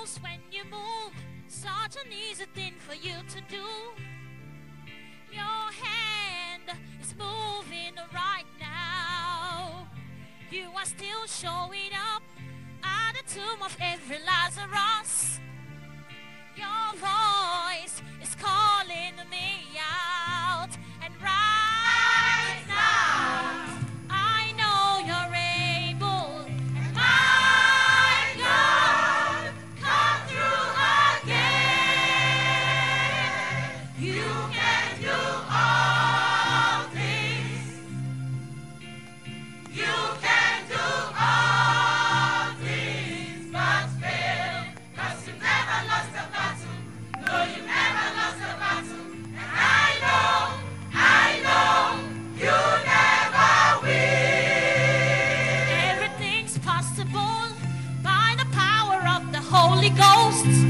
moves when you move. Such an easy thing for you to do. Your hand is moving right now. You are still showing up. ghosts.